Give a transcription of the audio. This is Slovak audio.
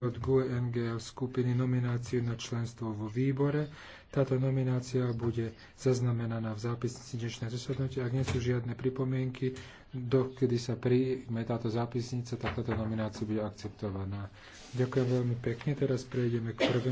od GUE NGL skupiny nomináciu na členstvo vo výbore. Táto nominácia bude zaznamenaná v zápisnici dnešného zasadnutia. Ak nie sú žiadne pripomienky, dokedy sa príjme táto zápisnica, tak táto nominácia bude akceptovaná. Ďakujem veľmi pekne. Teraz prejdeme k prvému.